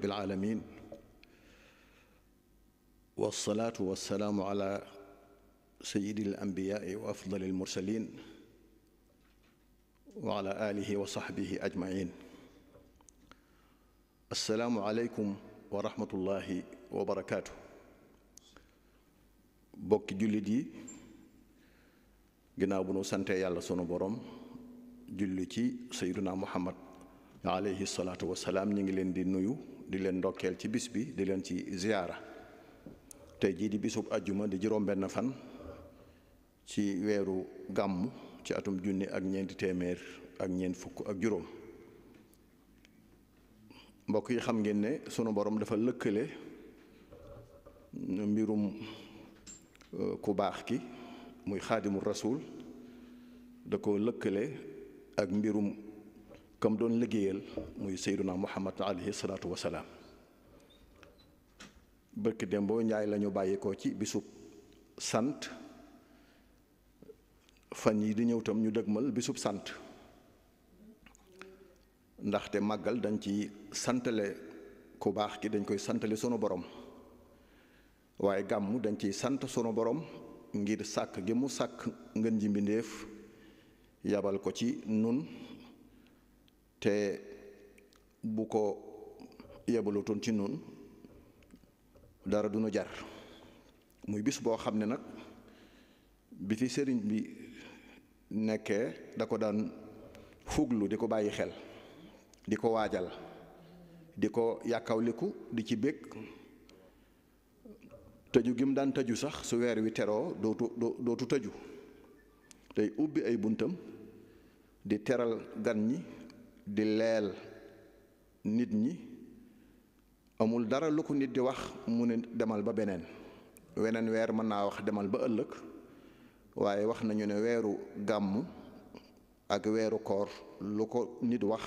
rabbil aalamiin wassalaatu wassalaamu ala sayyidil anbiyaai wa afdalil mursaliin wa ala aalihi wa saxbihi ajmaiin assalaamu aleykum wa rahmatullaahi wa barakaatu bokki jullit yi ginnaaw bu nu santee yàlla sunu borom julli ci sayyiduna muhammad aleyhi salaatu wassalaam ñu ngi leen di nuyu di leen ndokkeel ci bis bi di leen ci ziyaara te jii di bisub ajjuma di juróom-benn fan ci weeru gàmmu ci atum junni ak ñeenti téeméer ak ñeent fukk ak juróom mbokk yi xam ngeen ne sunu boroom dafa lëkkale mbirum euh, ku baax ki muy xaadimul rasuul da ko lëkkale ak mbirum comme doon liggéeyal muy seyduna muhammad alayhi salaatu wasalaam bërki démboo njaay lañu bàyyeekoo ci bisub sant fan yi di ñëw tam ñu dëgmal bisub sant ndaxte màggal dañ ci santale ku baax ki dañ koy santale sunu borom waaye gàmmu dañ ciy sant sunu borom ngir sàkk gi mu sàkk ngën ji mbindéef yabal ko ci nun te bu ko yebalutoon ci noonu dara du nu jar muy bés boo xam ne nag bi ci sëriñ bi nekkee da ko daan fuglu di ko bàyyi xel di ko waajal di ko yàkkawliku di ci bég tëju gi mu daan tëju sax su weer wi teroo dootu dootu tëju tey ubbi ay buntam di teral gan ñi di leel nit ñi amul dara lu ko nit di wax mu ne demal ba beneen weneen weer mën naa wax demal ba ëllëg waaye wax nañu ne weeru gàmm ak weeru koor lu ko nit wax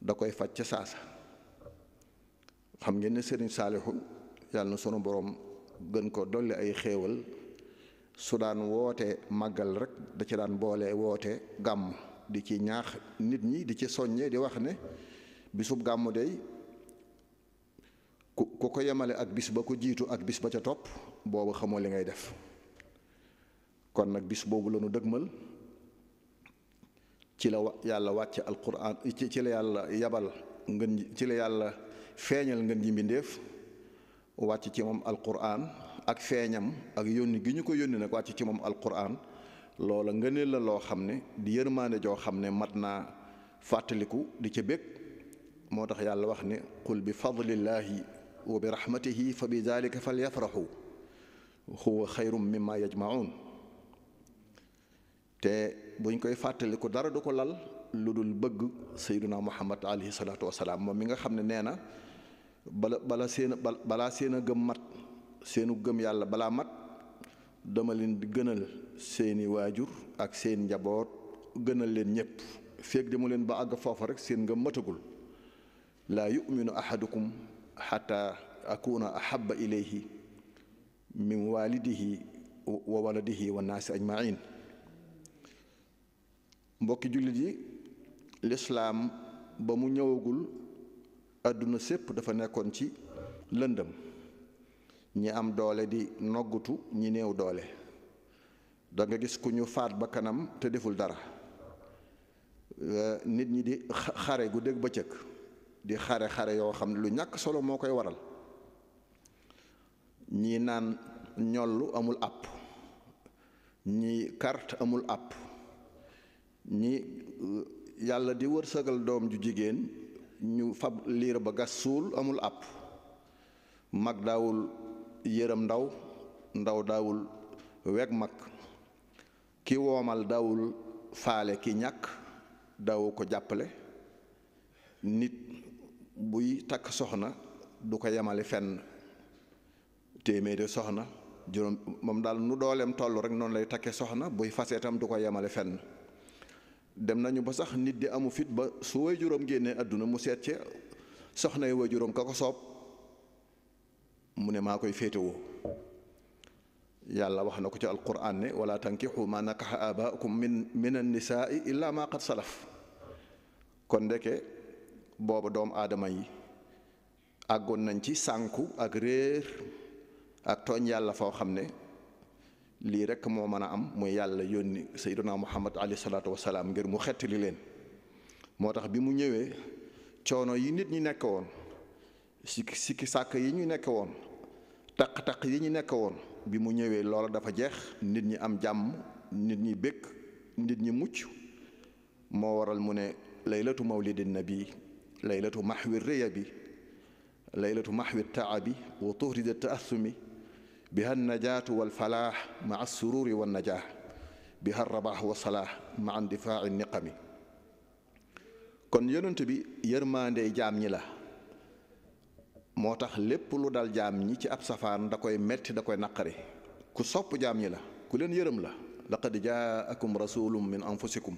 da koy faj ca saasa xam ngeen ne sëriñ Saalihu yàlla na sunu borom gën ko dolli ay xéewal su daan woote màggal rek da ci daan boole woote gàmm di ci ñaax nit ñi di ci soññee di wax ne bisub gàmmu day ku ku ko yemale ak bis ba ko jiitu ak bis ba ca topp boobu xamoo li ngay def kon nag bis boobu la ñu dëgmal ci la yàlla wàcc alquran ci ci la yàlla yabal ngën ci la yàlla feeñal ngën ji mbindéef wàcc ci moom alquran ak feeñam ak yónni gi ñu ko yónni nag wàcc ci moom alquran loola ngëneel la loo xam ne di yërmaande joo xam ne mat naa fàttaliku di ca bég moo tax yàlla wax ne qul bi fadlillaahi wa bi rahmatihi fa bi dalika fal yafraxu huwa xayrum mimma yajmaun te buñ koy fàttaliku dara du ko lal lu dul bëgg sayduna muhammad alayhi salaatu wasalaam moom mi nga xam ne nee na bala bala seen balaa seen a gëm mat seenu gëm yàlla balaa mat dama leen di gënal seeni waajur ak seen njaboot gënal leen ñëpp feeg demu leen ba àgg foofa rek seen nga matagul laa yuminu ahadukum xataa akuna ahaba ilayhi min waalidihi wa waladihi wa naasi ajmain mbokki jullit yi lislaam ba mu ñëwagul àdduna sépp dafa nekkoon ci lëndëm ñi am doole di noggutu ñi néew doole danga gis ku ñu faat ba kanam te deful dara euh, nit ñi di xare gu ba bëccëg di xare xare yoo xam ne lu ñàkk solo moo koy waral ñi naan ñollu amul àpp ñi kart amul àpp ñi euh, yàlla di wërsëgal doom ju jigéen ñu fab liir ba gas suul amul àpp mag daawul yërëm ndaw ndaw daawul weg mag ki woomal daawul faale ki ñàkk daawu ko jàppale nit buy takk soxna du ko yemale fenn téeméeri soxna juróom moom daal nu dooleem toll rek noonu lay takke soxna buy fasee tam du ko yemale fenn dem nañu ba sax nit di amu fit ba su way juróom génnee àdduna mu seet ci soxna yi way juróom ka ko soob mu ne maa koy féetewoo yàlla wax na ko ci alquran ne wala tankixu ma nakaxa abaakum min min annisaai illa ma qad salaf kon ndeke booba doom aadama yi àggoon nañ ci sànku ak réer ak tooñ yàlla foo xam ne lii rekk moo mën a am muy yàlla yónni sayyiduna muhammad alayhi salaatu salaam ngir mu li leen moo tax bi mu ñëwee coono yi nit ñi nekk woon sikki sikki sàkk yi ñu nekk woon taq-taq yi ñu nekk woon bi mu ñëwee loola dafa jeex nit ñi am jàmm nit ñi békk nit ñi mucc moo waral mu ne laylatu mawlidin nabi laylatu maxwi réya bi laylatu maxwi taabi wa tuhrida taasumi biha alnajaatu walfalaax ma alsururi wannajaax biha alrabaax wasalaax ma indifaaci niqami kon yonent bi yërmaande jaam ñi la moo tax lépp lu dal jaam ñi ci ab safaan da koy metti da koy naqari ku sopp jaam ñi la ku leen yërëm la laqad jaakum rasulum min anfusikum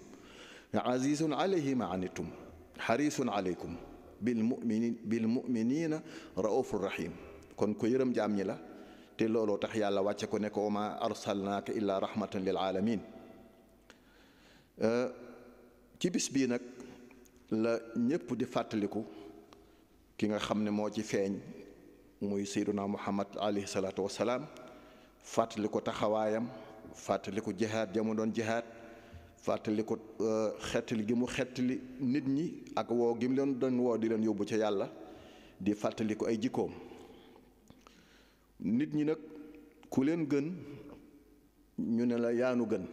azizun alayhi ma anittum xarisun aleykum bil muminin bil muminina kon ku yërëm jaam ñi la te looloo tax yàlla wàcce ko ne ko ma arsalnaaka illaa rahmatan lil alamin euh, ci bis bii nag la ñépp di fàttaliku ki nga xam ne moo ci feeñ muy sayduna muhammad alayhi salaatu wasalaam fàttali ko taxawaayam fàttali ko jihaad ja doon jihaad fàttali ko euh, xettali gi mu xettali nit ñi ak woo gi mu leen doon woo di leen yóbbu ca yàlla di fàttali ay jikkoom nit ñi nag ku leen gën ñu ne la yaanu gën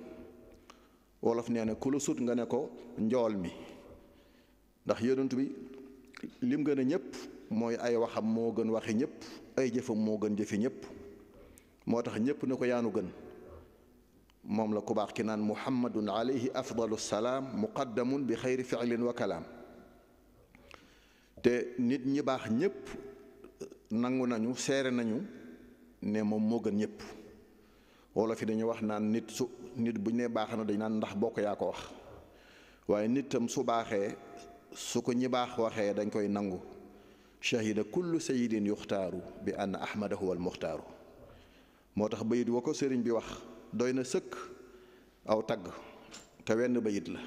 wolof nee na ku la sut nga ne ko njool mi ndax yonent bi lim gën a ñëpp mooy ay waxam moo gën waxi ñëpp ay jëfam moo gën jëfi ñëpp moo tax ñëpp na ko yaanu gën moom la ku baax ki naan muhammadun alayhi afdalu salaam muqaddamun bi xayri fi'lin wa kalaam te nit ñi baax ñëpp eh, nangu nañu seere nañu ne moom moo gën ñëpp wolof yi dañu wax naan nit su nit bu ne nee baax na dañ naan ndax bokk yaa ko wax waaye nit su baaxee su ko ñi baax waxee dañ koy nangu shahida kullu sayidin yuxtaaru bi ann ahmada huwa almuxtaaru moo tax bayit wa ko sëriñ bi wax doy na sëkk aw tagg te wenn bayit la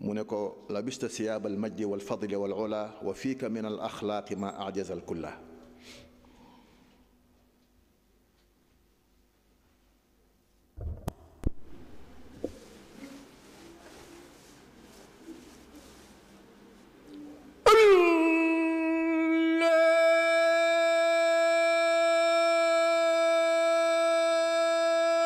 mu ne ko labista wal almajdi walfadli walula wa fiika min alaxlaaqi ma ajaza alkulla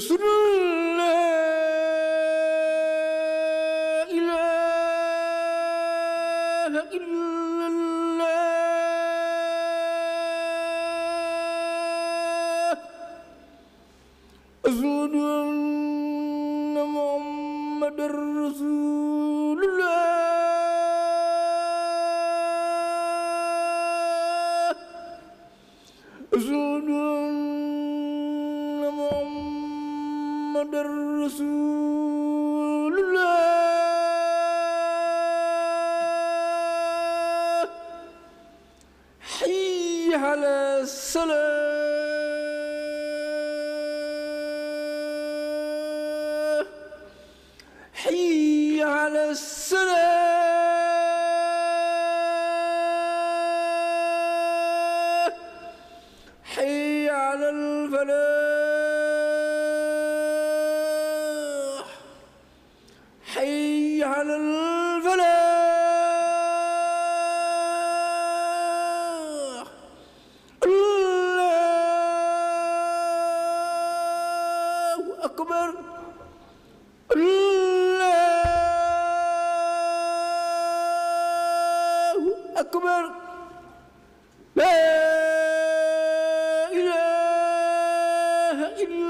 sunu أكبر لا إله إلا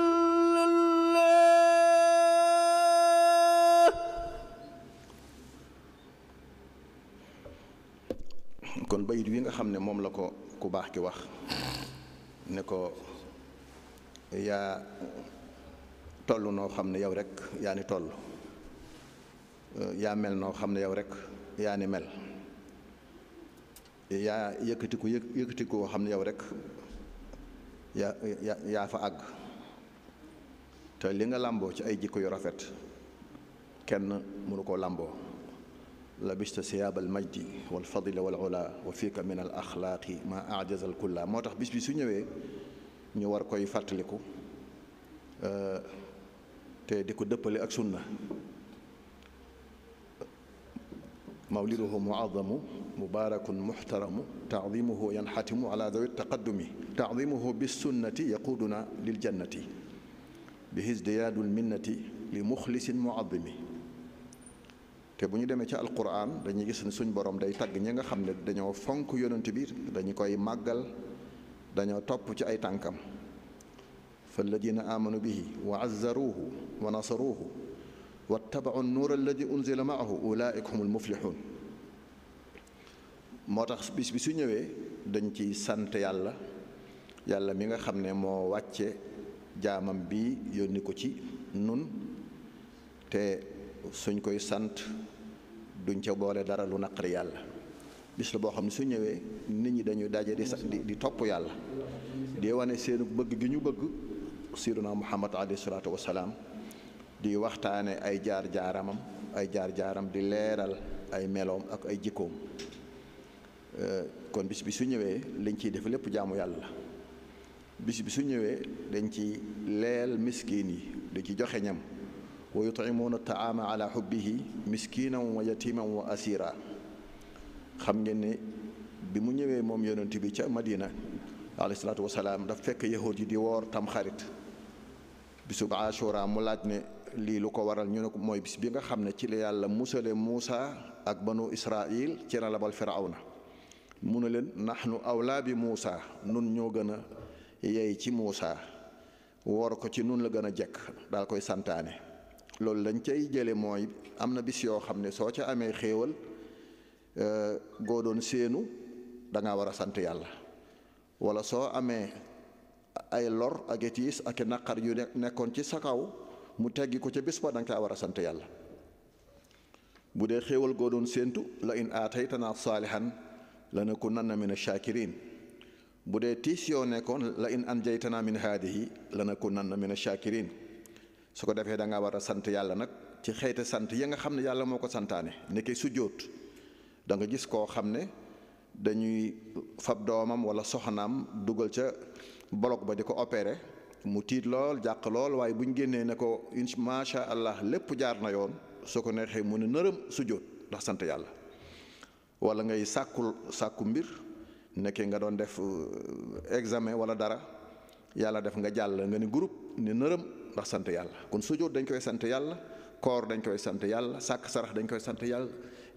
kon bayit wi nga xam ne moom la ko ku baax ki wax ne ko yaa toll noo xam ne yow rek yaa ni toll yaa mel noo xam ne yow rek yaa ni mel yaa yëkkatiku yëkkatiku xam ne yow rek yaa yaa fa àgg te li nga làmboo ci ay jikko yu rafet kenn mënu koo làmboo labista siyaabal majdi wal fadila wal ula wa fiika min al axlaaqi ma ajazal kulla moo tax bis bi su ñëwee ñu war koy fàttaliku euh, te di ko dëppale ak sunna mawliduhu muazamu mubaarakun muxtaramu taadimuhu yanxatimu ala dawi taqaddumi taadimuhu bissunnati yaquuduna liljannati bihi izdiyaadu lminnati li muxlisin muazimi te bu ñu demee ca alquran dañuy gis ne suñ borom day tagg ñi nga xam ne dañoo fonk yonent bi dañu koy màggal dañoo topp ci ay tànkam fa alladina aamanu bihi wa azzaruuhu wa nasaruuhu wattabau nuur alladi unzila maahu ulaika humul muflixuun moo tax bis bi su ñëwee dañ ci sant yàlla yàlla mi nga xam ne moo wàcce jaamam bi yónni ko ci nun te suñ koy sant duñ ca boole dara lu naqari yàlla bis la boo xam ne su ñëwee nit ñi dañuy daje di di topp yàlla di wane seen bëgg gi ñu bëgg siduna muhammad alayhi salaatu wasalaam di waxtaane ay jaar-jaaramam ay jaar-jaaram di leeral ay meloom ak ay jikkoom eh, kon bis bi su ñëwee liñ ciy def lépp jaamu yàlla la bis bi su ñëwee dañ ci leel miskiin yi di ci joxe ñam wa yut'imuuna taama wa yatiman xam ngeen ni bi mu ñëwee moom yonent bi ca madina alayhi salaatu wasalaam daf fekk yahud yi di woor tam xarit bisub ashura mu laaj ne lii lu ko waral ñu ne ko mooy bis bi nga xam ne ci la yàlla musale Muusa ak banu Israil ci na labal Firawna mu ne leen nahnu awlaa bi Muusa nun ñoo gën a yey ci Muusa woor ko ci nun la gën a jekk daal koy santaane loolu lañ cay jële mooy am na bis yoo xam ne soo ci amee xéewal euh, goo doon séenu da war a sant yàlla wala soo amee ay lor ak etiis ak naqar yu nekkoon ci sa kaw mu teggi ko ca bés ba danga caa war a sant yàlla bu dee xéewal goo doon séentu la in aataytanaa saalihan lanakunanna mina shaakiriin bu dee tiis yoo nekkoon la in anjaytanaa yi haadihi lanakunanna mina shaakiriin su ko defee da nga war a sant yàlla nag ci xeete sant ya nga xam ne yàlla moo ko santaane nekkee sujjóot da nga gis koo xam ne dañuy fab doomam wala soxnaam dugal ca bolog ba di ko opeere mu tiit lool jàq lool waaye bu ñu génnee ne ko incha macha allah lépp jaar na yoon soo ko neexee mu ne nërëm sujjóot ndax sant yàlla wala ngay sàkkul sàkku mbir nekkee nga doon def euh, examen wala dara yàlla def nga jàll nga ne groupe ne nërëm ndax sant yàlla kon sujjóot dañ koy sant yàlla koor dañ koy sant yàlla sàkk sarax dañ koy sant yàlla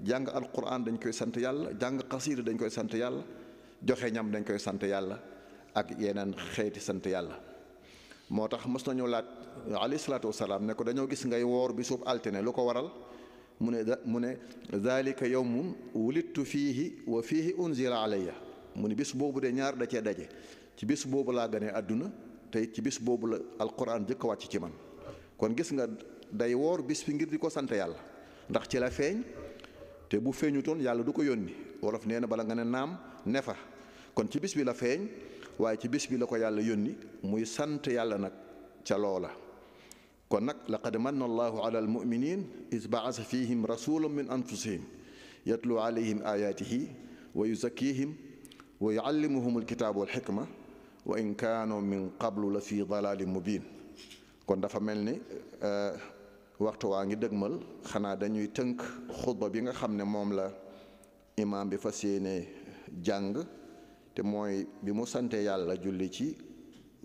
jàng alquran dañ koy sant yàlla jàng xasiir dañ koy sant yàlla joxe ñam dañ koy sant yàlla ak yeneen xeeti sant yàlla moo tax mos nañu laaj alayhi salaatu wasalaam ne ko dañoo gis ngay woor bi suuf altine lu ko waral mu ne mu ne zalika yawmun fii fiihi wa fiihi unzila ya mu ne bis boobu de ñaar da cee daje ci bis boobu laa gane àdduna tey ci bis boobu la alquran jëkk wàcc ci man kon gis nga day woor bis bi ngir di ko sant yàlla ndax ci la feeñ te bu feeñutoon yàlla du ko yónni wolof nee na bala nga ne naam ne fa kon ci bis bi la feeñ waaye ci bis bi la ko yàlla yónni muy sant yàlla nag ca loola kon nag laqad manna allahu ala almuminin is baasa fihim rasulan min anfusihim yatlu alayhim ayaatihi wa yuzakkihim wa yuallimuhum alkitaaba walxikma wa in kaanu min qablu la fi dalaalin mubin kon dafa mel ni eh, waxtu waa ngi dëgmal xanaa dañuy tënk xutba bi nga xam ne moom la imaam bi fa yéene jàng te mooy bi mu santee yàlla julli ci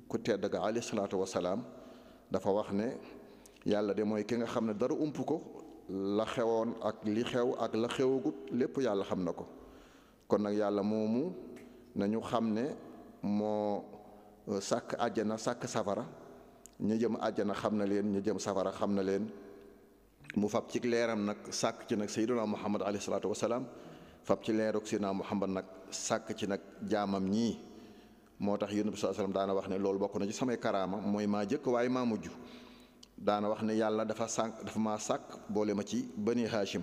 ku tedd ga alayhi salaatu wasalaam dafa wax ne yàlla de mooy ki nga xam ne dara ump ko la xewoon ak li xew ak la xewagut lépp yàlla xam na ko kon nag yàlla moomu nañu xam ne moo euh, sàkk àjjana sàkk safara ñu jëm àjjana xam na leen ñu jëm safara xam na leen mu fab ci leeram nag sàkk ci nag sayyiduna muhammad alayhi salaatu wasalaam fab ci leerug si naa Muhammad nag sàkk ci nag jaamam ñii moo tax yonent bi sallallahu alayhi daana wax ne loolu bokk na ci samay karaama mooy ma jëkk waaye maa mujj daana wax ne yàlla dafa sànq dafa ma sàkk boole ma ci bani Hashim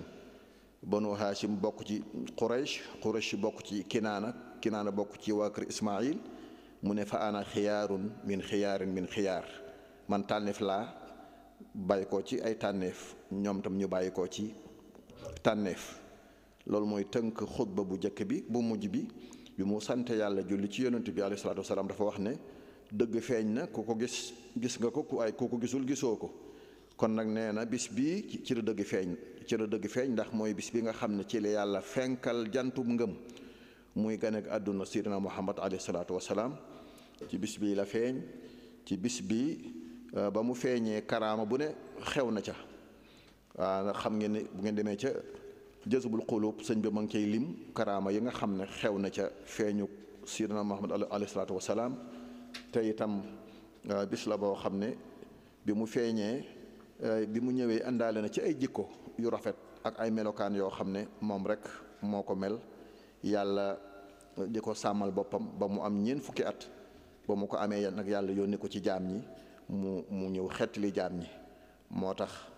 banu Hashim bokk ci Quraysh Quraysh bokk ci Kinaana Kinaana bokk ci waa kër Ismaïl mu ne fa ana xiyaarun min xiyaarin min xiyaar man tànneef laa bàyyi ko ci ay tànneef ñoom tam ñu bàyyi ko ci tànneef loolu mooy tënk xutba bu njëkk bi bu mujj bi bi mu sant yàlla julli ci yonent bi alayhi salaatu wasalaam dafa wax ne dëgg feeñ na ku ko gis gis nga ko ku ay ku ko gisul gisoo ko kon nag nee na bis bi ci la dëgg feeñ ci la dëgg feeñ ndax mooy bis bi nga xam ne ci la yàlla fenkal jantub ngëm muy gane ak àdduna sidina muhammad alayhi salaatu wasalaam ci bis bii la feeñ ci bis bii euh, ba mu feeñee karaama bu ne xew na ca waaw xam ngeen bu ngeen demee ca jësubul xulub sëñ bi ma ngi cay lim karaama yi nga xam ne xew na ca feeñu sidina Muhammad alayhi salaatu wasalaam te itam euh, bis la boo xam ne bi mu feeñee euh, bi mu ñëwee indaale na ci ay jikko yu rafet ak ay melokaan yoo xam ne moom rek moo ko mel yàlla euh, di ko sàmmal boppam ba mu am ñeent fukki at ba mu ko amee nag yàlla yónni ko ci jaam ñi mu mu ñëw xettali jaam ñi moo tax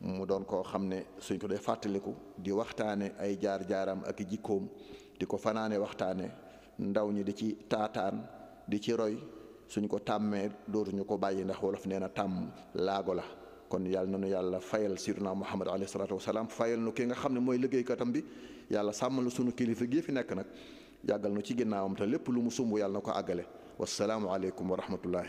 mu doon koo xam ne suñ ko dee fàttaliku di waxtaane ay jaar-jaaram ak jikkoom di ko fanaane waxtaane ndaw ñi di ci taataan di ci roy suñ ko tàmmee dootuñu ko bàyyi ndax wolof nee na tàmm laago la kon yàlla na nu yàlla fayal sirna muhammad alayhi salaatu salaam fayal nu ki nga xam ne mooy liggéeykatam bi yàlla sàmmal suñu kilifa gii fi nekk nag yàggal nu ci ginnaawam te lépp lu mu sumb yàlla na ko àggale wasalaamu aleykum wa rahmatullahi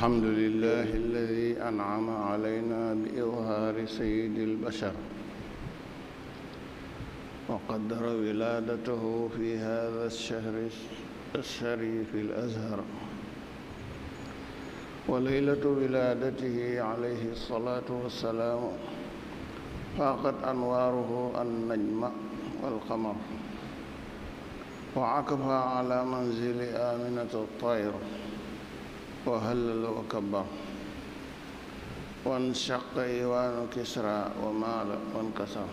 الحمد لله الذي أنعم علينا بإظهار سيد البشر وقدر ولادته في هذا الشهر الشريف الأزهر وليلة ولادته عليه الصلاة والسلام فاقت أنواره النجم والقمر وعكفها على منزل آمنة الطير وهلل وكبر وانشق إيوان كسرى ومال وانكسر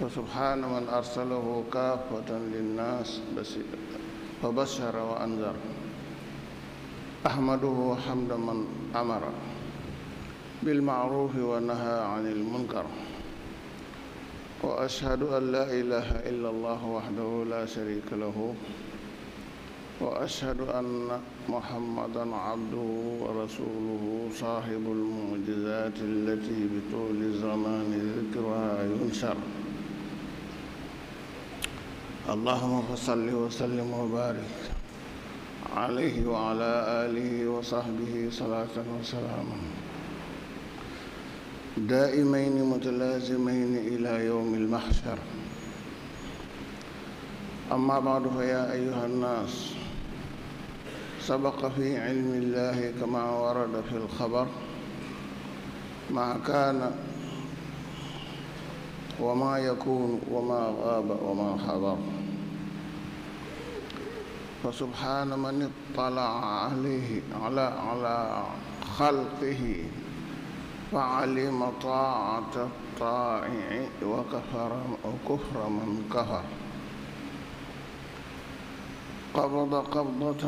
وسبحان من أرسله كافة للناس وبشر وأنذر أحمده حمد من أمر بالمعروف ونهى عن المنكر وأشهد أن لا إله إلا الله وحده لا شريك له وأشهد أن محمدا عبده ورسوله صاحب المعجزات التي بطول الزمان ذكرها ينشر اللهم فصل وسلم وبارك عليه وعلى آله وصحبه صلاة وسلاما دائمين متلازمين إلى يوم المحشر أما بعد فيا أيها الناس سبق في علم الله كما ورد في الخبر ما كان وما يكون وما غاب وما حضر فسبحان من اطلع عليه على على خلقه فعلم طاعة الطائع وكفر وكفر من كفر قبض قبضة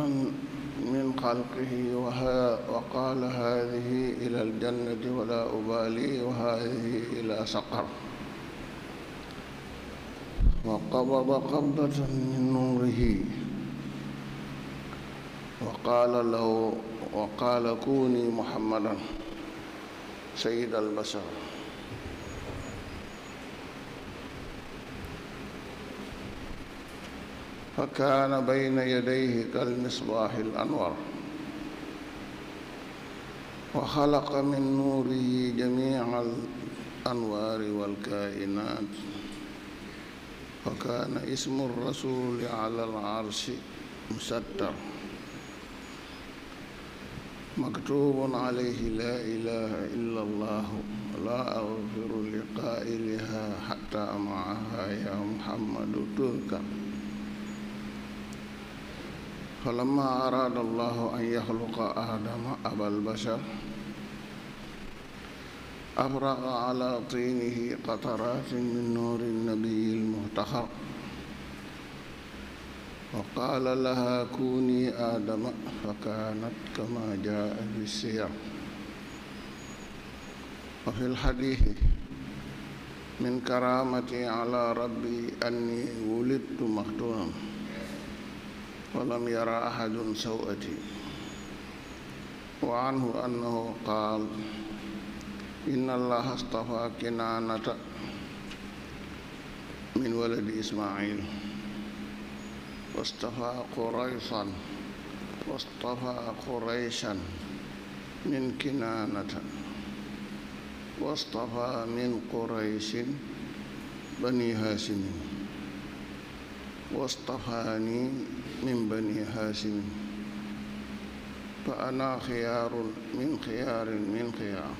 من خلقه وها وقال هذه إلى الجنة ولا أبالي وهذه إلى سقر وقبض قبضة من نوره وقال له وقال كوني محمدا سيد البشر فكان بين يديه كالمصباح الأنور وخلق من نوره جميع الأنوار والكائنات وكان اسم الرسول على العرش مستر مكتوب عليه لا إله إلا الله لا أغفر لقائلها حتى معها يا محمد تركا فلما أراد الله أن يخلق آدم أبا البشر أفرغ على طينه قطرات من نور النبي المهتخر وقال لها كوني آدم فكانت كما جاء في السير وفي الحديث من كرامتي على ربي أني ولدت مختونا ولم يرى أحد سوءتي وعنه أنه قال إن الله اصطفى كنانة من ولد إسماعيل واصطفى قريصا واصطفى قريشا من كنانة واصطفى من قريش بني هاشم واصطفاني من بني هاشم فأنا خيار من خيار من خيار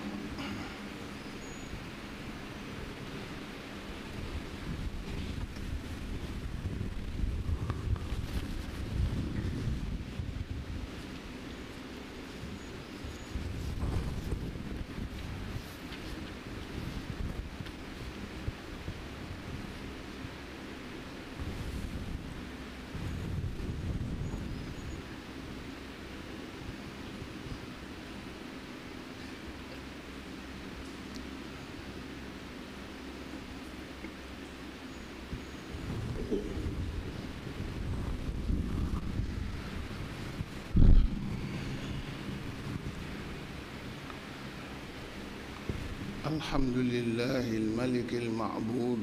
الحمد لله الملك المعبود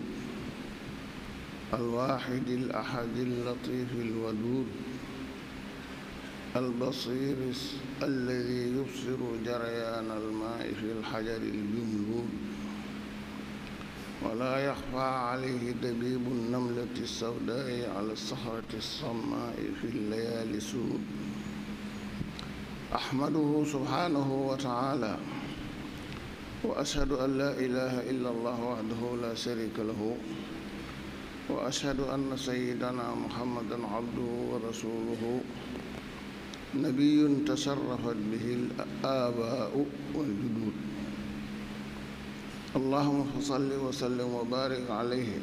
الواحد الأحد اللطيف الودود البصير الذي يبصر جريان الماء في الحجر الجملود ولا يخفى عليه دبيب النملة السوداء على الصخرة الصماء في الليالي سود أحمده سبحانه وتعالى واشهد ان لا اله الا الله وحده لا شريك له واشهد ان سيدنا محمدا عبده ورسوله نبي تشرفت به الاباء والجدود اللهم صل وسلم وبارك عليه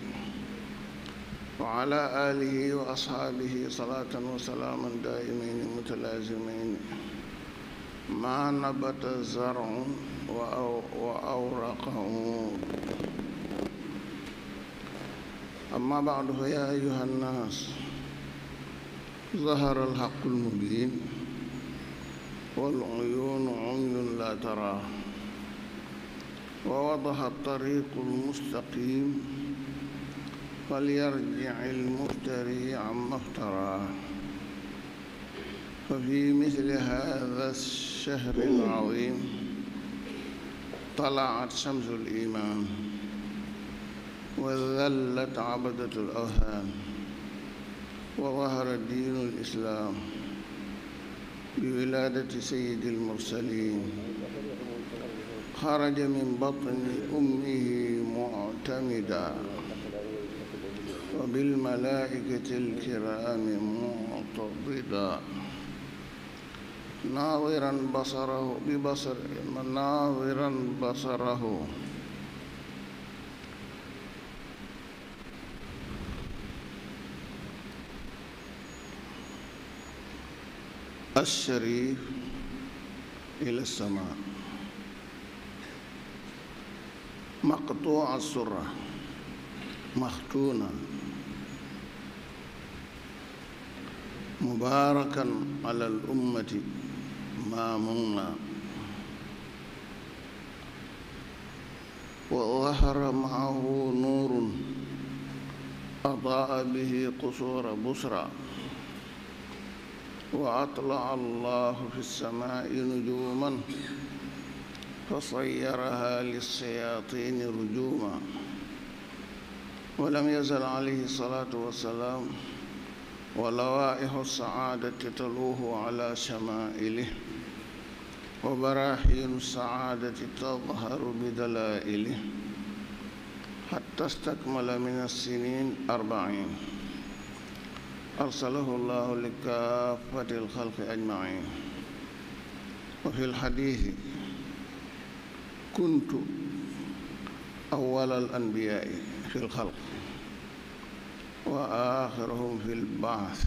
وعلى آله وأصحابه صلاة وسلاما دائمين متلازمين ما نبت زرع وأورقهم أما بعد فيا أيها الناس ظهر الحق المبين والعيون عمي لا تراه ووضح الطريق المستقيم فليرجع المفتري عما افتراه ففي مثل هذا الشهر العظيم طلعت شمس الإيمان وذلت عبدة الأوثان وظهر دين الإسلام بولادة سيد المرسلين خرج من بطن أمه معتمدا وبالملائكة الكرام معتضدا ناظرا بصره ببصره ناظرا بصره الشريف إلى السماء مقطوع السرة مختونا مباركا على الأمة مامونا وظهر معه نور أضاء به قصور بصرى وأطلع الله في السماء نجوما فصيرها للشياطين رجوما ولم يزل عليه الصلاة والسلام ولوائح السعادة تلوه على شمائله وبراهين السعادة تظهر بدلائله حتى استكمل من السنين أربعين أرسله الله لكافة الخلق أجمعين وفي الحديث كنت أول الأنبياء في الخلق وآخرهم في البعث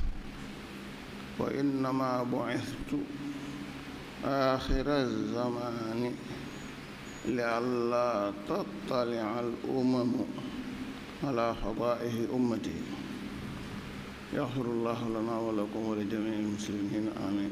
وإنما بعثت آخر الزمان لئلا تطلع الأمم على حضائه أمتي يغفر الله لنا ولكم ولجميع المسلمين آمين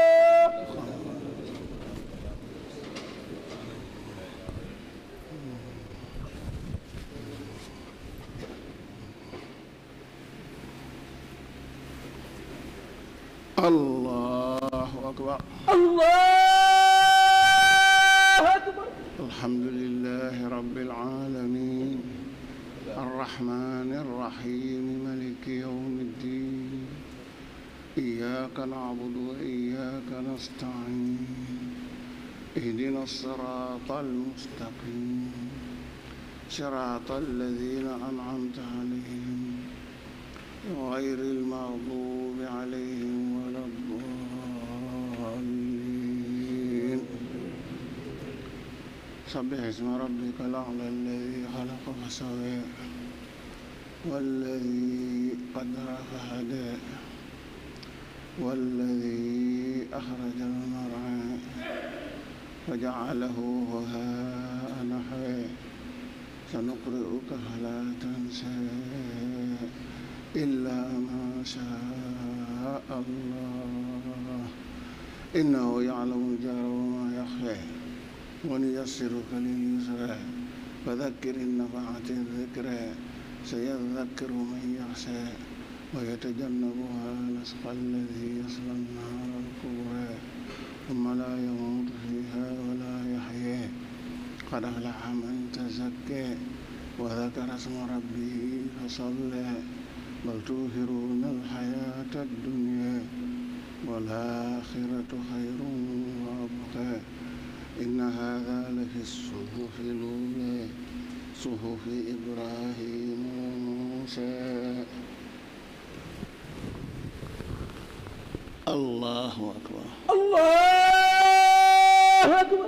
allahu akbar allahu akbar alhamdulillahi rabbil alamin الرحمن الرحيم ملك يوم الدين إياك نعبد وإياك نستعين اهدنا الصراط المستقيم صراط الذين أنعمت عليهم غير المغضوب سبح اسم ربك الأعلى الذي خلق فسوى والذي قدر فهدى والذي أخرج المرعى فجعله غثاء نحوه سنقرئك فلا تنسى إلا ما شاء الله إنه يعلم الجهر وما يخفى ونيسرك لليسرى فذكر إن نفعت الذكرى سيذكر من يخشى ويتجنبها الأشقى الذي يصلى النار الكبرى ثم لا يموت فيها ولا يحيى قد أفلح من تزكى وذكر اسم ربه فصلى بل توثرون الحياة الدنيا والآخرة خير وأبقى إن هذا لفي الصحف الأولى صحف إبراهيم وموسى الله أكبر الله أكبر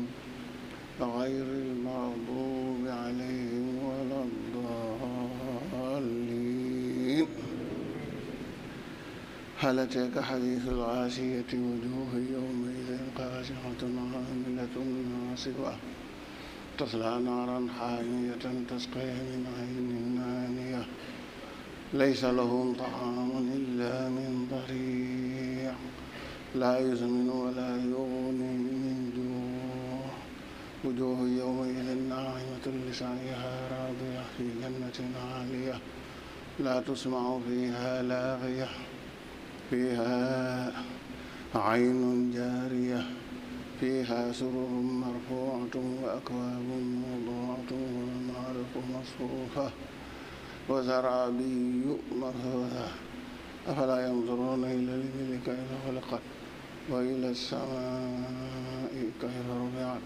غير المغضوب عليهم ولا الضالين هل أتاك حديث الغاشية وجوه يومئذ خاشعة عاملة ناصبة تصلى نارا حامية تسقي من عين آنية ليس لهم طعام إلا من ضريع لا يزمن ولا يغني wujuuhu yawmaidin naa'imatun lisa'yiha raadiya fi jannatin 'aaliya laa tasma'u fiihaa laagiya fiihaa 'aynun jaariya fiihaa sururun marfuu'atun wa akwaabun mawduu'atun wa ma'aariqu masfuufatun wa zarabiyyu mabsuutatun afalaa yanzuruuna ilal ibili kayfa xuliqat wa ilas samaa'i kayfa rufi'at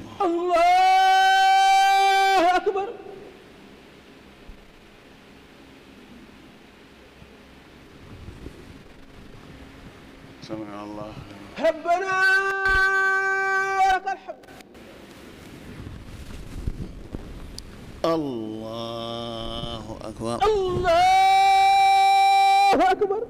allahu akbar sami allah rabbana lakal hamd allahu akbar allahu akbar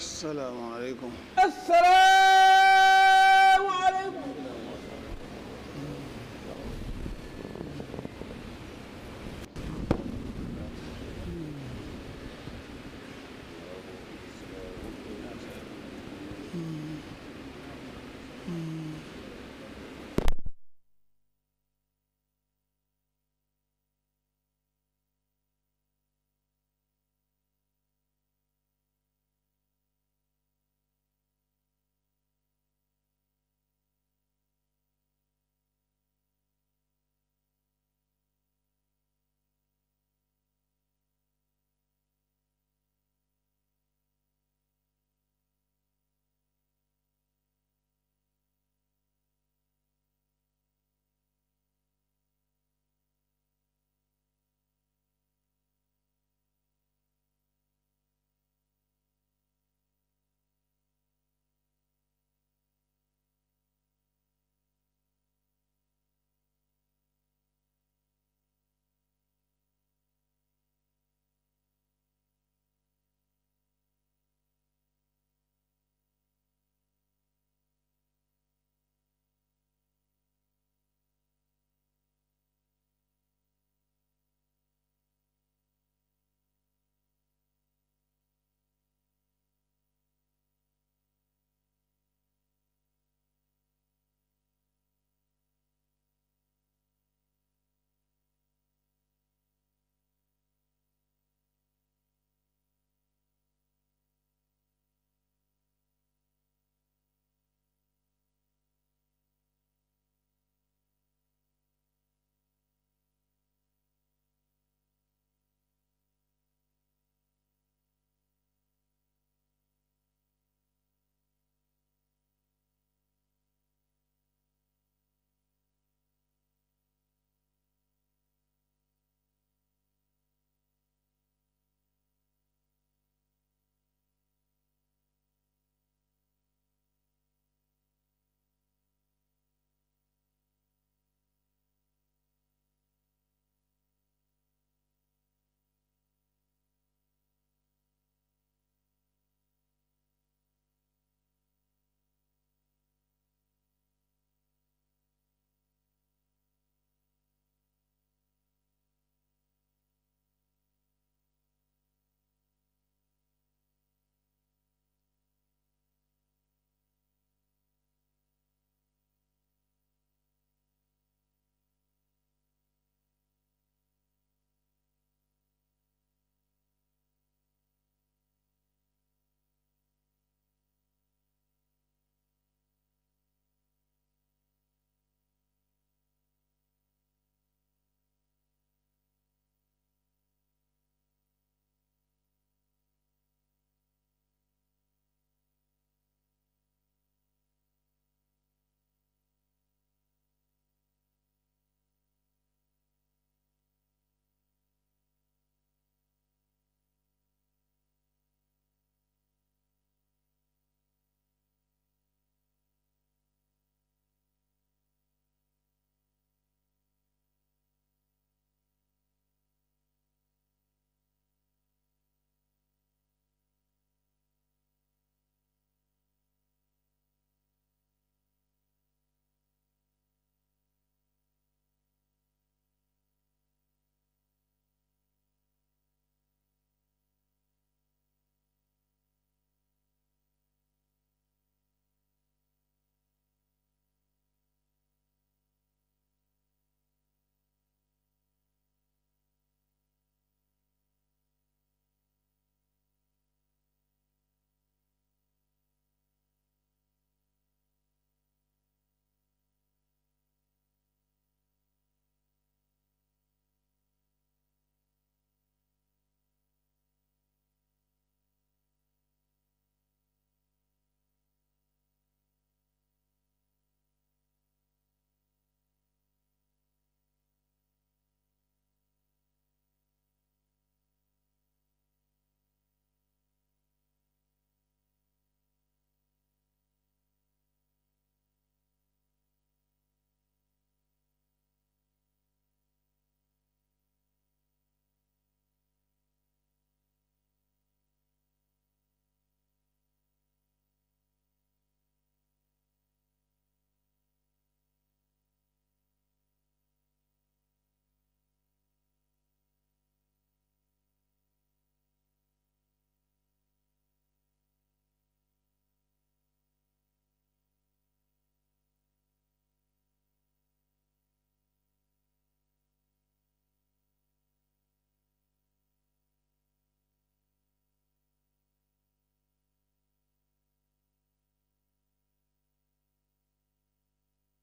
asalaamaaleykum. asalaamaaleykum.